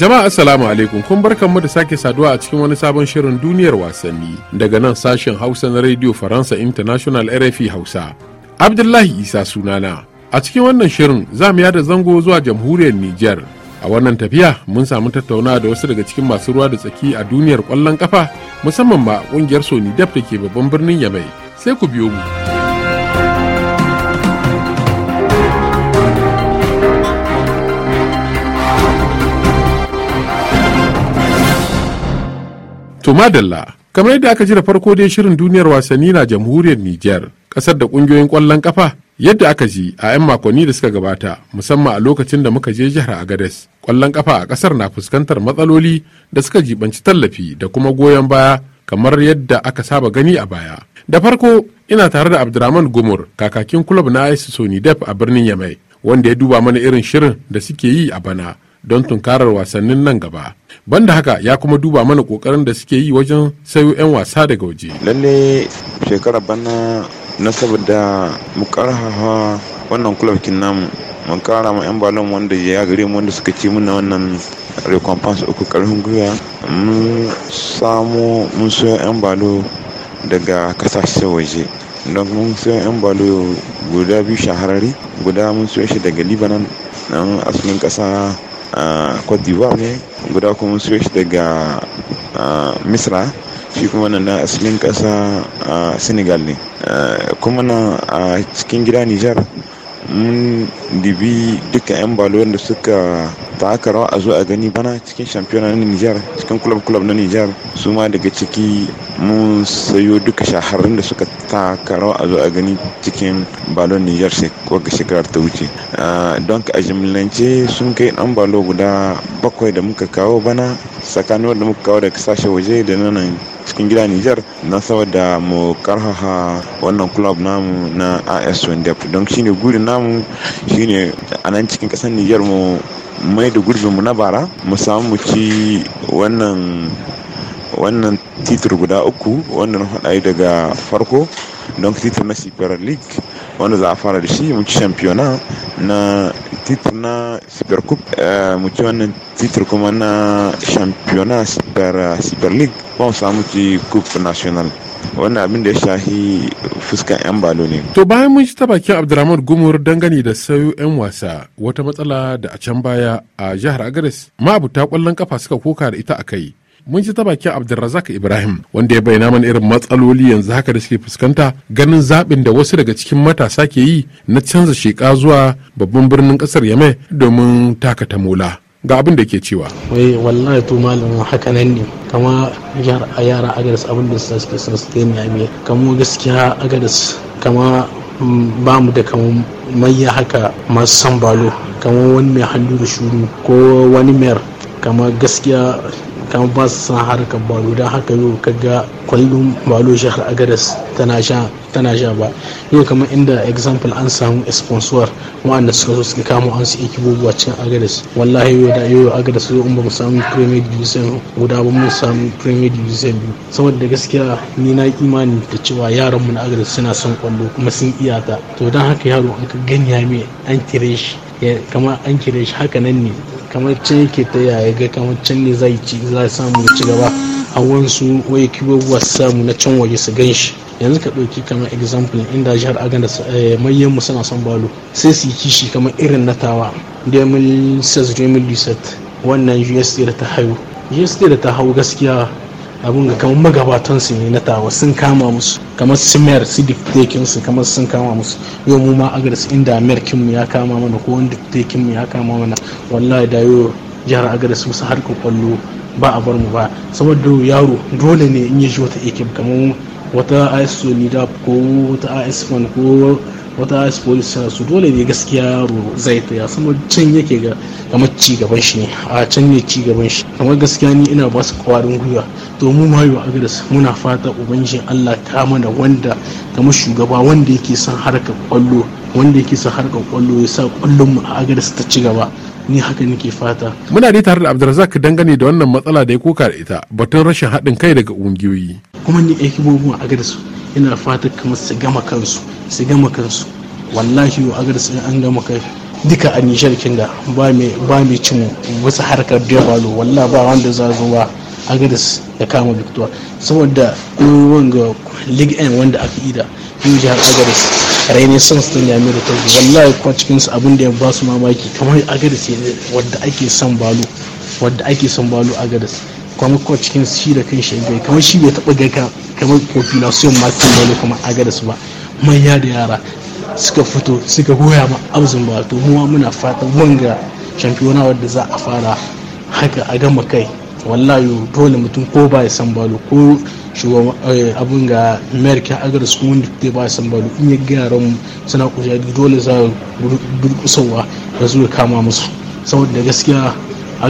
Jama'a Assalamu alaikum kun barkanmu da sake saduwa a cikin wani sabon shirin duniyar wasanni daga nan sashen Hausa na Radio Faransa International RFI Hausa. Abdullahi Isa sunana. A cikin wannan shirin za mu yada zango zuwa jamhuriyar niger A wannan tafiya mun samu tattauna da wasu daga cikin masu ruwa da tsaki a duniyar kwallon kafa musamman ma kungiyar Sony Def da ke babban birnin Yamai. Sai ku biyo mu. To madalla, kamar yadda aka ji da farko dai shirin duniyar wasanni na jamhuriyar Nijar, kasar da kungiyoyin kwallon kafa yadda aka ji a 'yan makonni da suka gabata musamman a lokacin da muka je jihar Agades. Kwallon kafa a kasar na fuskantar matsaloli da suka jibanci tallafi da kuma goyon baya kamar yadda aka saba gani a baya. Da farko ina tare da abdulrahman Gumur kakakin kulub na AS Sonidef a birnin Yamai wanda ya duba mana irin shirin da suke yi a bana don tunkarar wasannin nan gaba banda haka ya kuma duba mana kokarin da suke yi wajen sayo 'yan wasa daga waje lalle shekara bana na saboda mu karhaha wannan kulabkin namu mun kara ma 'yan balon wanda ya gare mu wanda suka ci muna wannan recompense uku karfin gwiwa mu samu mun so 'yan balo daga kasashe waje don mun sayo 'yan balo guda biyu shahararri guda mun sayo shi daga libanan nan asalin kasa Ah, cote d'ivoire ne guda kuma shi daga misra shi kuma nan na asalin ƙasa ah, senegal ne ah, kuma na a cikin gida nijar mun dibi duka 'yan balon da suka aka rawa a zo a gani bana cikin shampiyona na nijar cikin kulab-kulab na nijar su ma daga ciki mun sayo duka shahararrun da suka taka rawa a zo a gani cikin balon nijar ga shekarar ta wuce ah, don a jimlance sun kai dan balo guda bakwai da muka kawo bana tsakanin wanda muka kawo daga sashe waje da nan cikin gida Nijar na saboda mu karhaha wannan kulab namu na AS Wendep don shine gurin namu shine a nan cikin kasar Nijar mu mai da gurbinmu na bara mu samu mu ci wannan wannan titir guda uku wannan na daga farko don titir na super league wanda za a fara da shi mu ci championa na titir na super cup eh, mu ci wannan titir kuma na championa super league ba mu samu ci cup national wannan abin da ya shahi fuskan 'yan balo ne. To bayan mun ji ta bakin Abdulrahman Gumur dangane da sayo 'yan wasa wata matsala da a can baya a jihar Agares ma'abuta kwallon kafa suka koka da ita a kai. Mun ji ta bakin Abdulrazak Ibrahim wanda ya bayyana mana irin matsaloli yanzu haka da suke fuskanta ganin zaɓin da wasu daga cikin matasa ke yi na canza sheka zuwa babban birnin ƙasar Yamai domin takata mola. ga abin da ke cewa wai wallahi to malamin haka nan ne kama yara Agadis abin da suke sun su taimaka mai kama gaskiya Agadis kama ba mu da kama manya haka masu san balo wani mai hannu da shuru ko wani mayar kama gaskiya kan ba su san harkar balo don haka yau ga kwallon balo shahar agadas tana sha tana sha ba yau kamar inda example an samu sponsor wa'anda suka zo suka kama an su ikibubuwa cikin agadas wallahi yau da yau agadas zo in ba mu samu premier division guda ba mu samu premier division biyu saboda gaskiya ni na imani da cewa yaran mu na agadas suna son kwallo kuma sun iyaka to don haka yaro an ka ganya mai an kire shi kama an kire shi haka nan ne kamar can yake ta yaya ga kamar can ne zai ci za samu ci gaba a wansu wai kibobuwa samu na can waje su gan shi yanzu ka ɗauki kamar example inda jihar aganda eh, manyan mu suna son balo sai su yi kishi kamar irin na tawa 2016 2017 wannan usd da ta haihu usd da ta hau gaskiya abin ga kamar magabatan su ne na tawa sun kama musu kamar su mayar su diktekin su kamar sun kama musu yau mu ma agadas inda amerikin mu ya kama mana ko wani diktekin mu ya kama mana wallahi da yau jihar agadas musu harkar kwallo ba a bar mu ba saboda yaro dole ne in ya shi wata ekip kamar wata is ko wata is ko wata police suna su dole ne gaskiya yaro zai ta ya samu can yake ga kamar ci gaban shi ne a can ne ci gaban shi kamar gaskiya ni ina ba su kwarin gwiwa to mu ma yau agadas muna fata ubangijin Allah ta mana wanda kamar shugaba wanda yake san harkar kwallo wanda yake san harkar kwallo ya sa kwallon mu a agadas ta ci gaba ni haka nake fata. Muna dai tare da Abdulrazak dangane da wannan matsala da ya koka da ita batun rashin haɗin kai daga kungiyoyi Kuma ni aiki bubuwa a gada ina fata kamar su gama kansu su gama kansu wallahi yau agar sai an gama kai duka a nishar kinga ba mai ba mai cin wasu harkar balo wallahi ba wanda za zuwa agadis ya kama victor saboda ruwan ga league n wanda aka yi da yau jihar agadis renaissance din mai da tauri wallahi kuma cikinsu abin da ya ba su mamaki kamar agadis ya wadda ake son balo wadda ake son balo agadis kuma kuma cikin shi da kan shi kamar shi bai taɓa gaika kamar population ma kimbali kuma gada su ba manya da yara suka fito suka goya ma abuzin ba to muwa muna fatan wanga shampiyona wadda za a fara haka a gama kai wallahi dole mutum ko ba ya san balo ko abin eh, ga america agar su wanda ta ba ya san balo in ya gyaran suna kusa dole za a durkusowa da zuwa kama musu saboda gaskiya da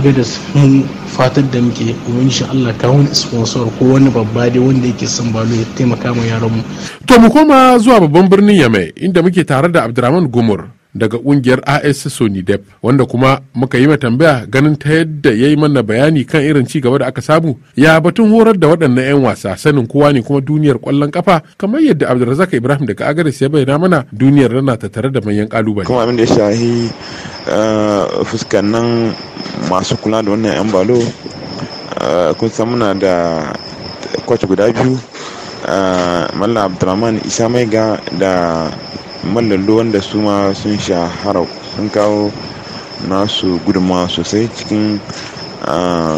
mun fatar da muke kuma insha Allah ka wani sponsor ko wani babba dai wanda yake son balo ya taimaka ma yaran mu to mu koma zuwa babban birnin Yamai inda muke tare da Abdurrahman Gumur daga kungiyar AS Dep wanda kuma muka yi tambaya ganin ta yadda ya yi mana bayani kan irin ci gaba da aka samu ya batun horar da waɗannan 'yan wasa sanin kowa ne kuma duniyar kwallon kafa kamar yadda Abdulrazak Ibrahim daga Agares ya bayyana mana duniyar rana ta tare da manyan kalubale. Kuma abin da ya shahi eh, fuskannan masu kula da wannan 'yan balo eh, kun san muna da kwace guda biyu eh, Mallam Abdulrahman Isa Maiga da mallallo wanda su ma sun shahara sun kawo nasu gudunmawa sosai cikin ah,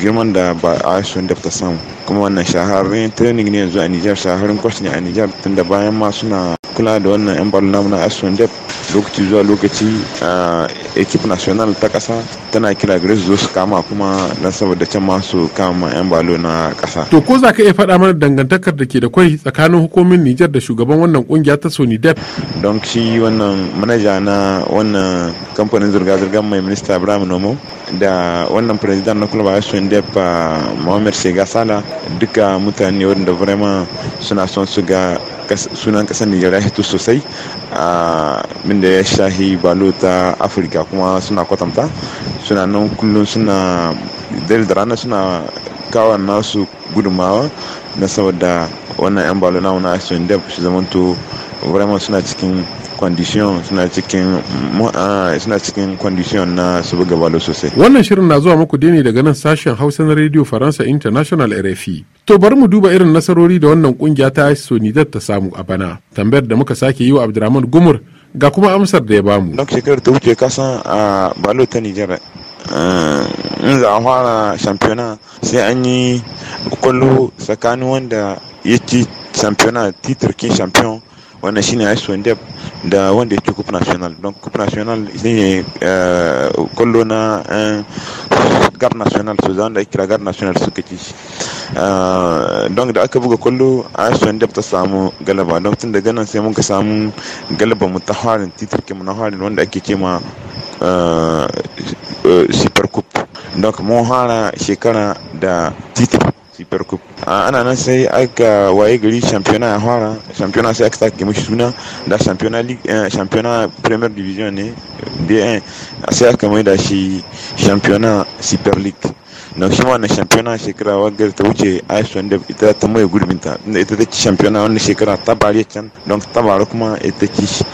girman da ba a shi wanda ta samu kuma wannan shahararren training ne yanzu a nijar shahararren kwas ne a nijar tun da bayan ma suna kula da wannan yan ballon na aswan depth lokaci zuwa lokaci a ekip national ta kasa tana kira gare su zo su kama kuma na saboda can masu su kama yan balo na kasa to ko za ka iya faɗa mana dangantakar da ke da kwai tsakanin hukumin nijar da shugaban wannan kungiya ta sony dep don shi wannan manaja na wannan kamfanin zirga-zirgar mai minista ibrahim nomo da wannan president na kulaba sony dep ah, mohamed sega sala duka mutane wadanda vraiment suna son su ga sunan kasar nigeria ya hito sosai a min da ya shahi balo ta afirka kuma suna kwatanta suna nan kullum suna dare da rana suna kawo nasu gudumawa na saboda wannan yan balo na wani asiyon da su zamanto vraiment suna cikin condition suna ah, cikin suna cikin condition na ah, su buga balo sosai wannan shirin na zuwa muku ne daga nan sashen hausa na radio faransa international rfi to bari mu duba irin nasarori da wannan kungiya ta sonidar ta samu a bana tambayar da muka sake yi wa abdurrahman gumur ga kuma amsar da ya bamu don shekarar ta wuce kasan a balo ta nijar in za a fara shampiyona sai an yi kwallo tsakanin wanda ya ci shampiyona titirkin shampiyon wannan shine AS Windep da wanda ce kufu National don Coupe National ne eh, kwallo na eh, gar national su da ya kira gar national suka ci eh, don da aka buga kwallo AS Windep ta samu galaba don tun daga nan sai muka samu galaba mu ta harin titar mu na harin wanda ake ma super cup don mun hana shekara da titar super cup ana nan sai aka waye gari championnat ya fara championnat sai aka sake mishi suna da championnat league eh, championnat premier division ne bien sai aka mai da shi championnat super league na shi wannan shampiyona shekara wadda ta wuce iceland da ita ta mai gurbin ta inda ita ta ci shampiyona wannan shekara ta bari can don ta bari kuma ita ci shi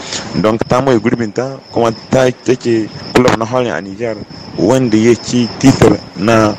don ta mai gurbin ta kuma ta take club na hali a Nijar wanda ya ci titar na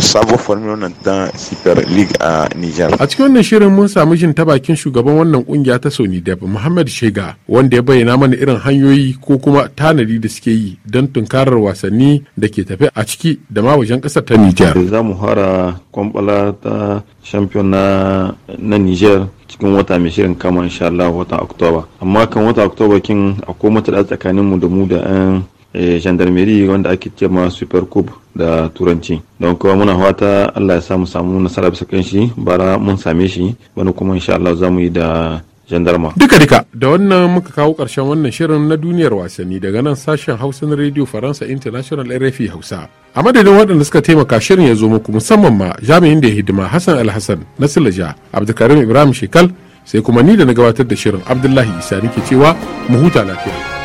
sabuwar formula nan ta super league a niger a cikin wannan shirin mun samu jin ta bakin shugaban wannan kungiya ta sony da muhammad shega wanda ya bayyana mana irin hanyoyi ko kuma tanadi da suke yi don tunkarar wasanni da ke tafe a ciki da ma wajen kasar ta niger za mu fara kwambala ta champion na, na niger cikin wata mai shirin kama insha Allah watan oktoba amma kan wata oktoba kin akwai matsala tsakaninmu da mu da 'yan Eh, gendarmerie wanda ake ce ma super cup da turanci don kuma muna fata allah ya samu samu nasara bisa kan shi bara mun same shi wani kuma insha allah za mu yi da jandarma duka duka da wannan muka kawo karshen wannan shirin na duniyar wasanni daga nan sashen hausa na radio faransa international rfi hausa a madadin waɗanda suka taimaka shirin ya zo muku musamman ma jami'in da ya hidima hassan alhassan na silaja abdulkarim ibrahim shekal sai kuma ni da na gabatar da shirin abdullahi isa nake cewa mu huta lafiya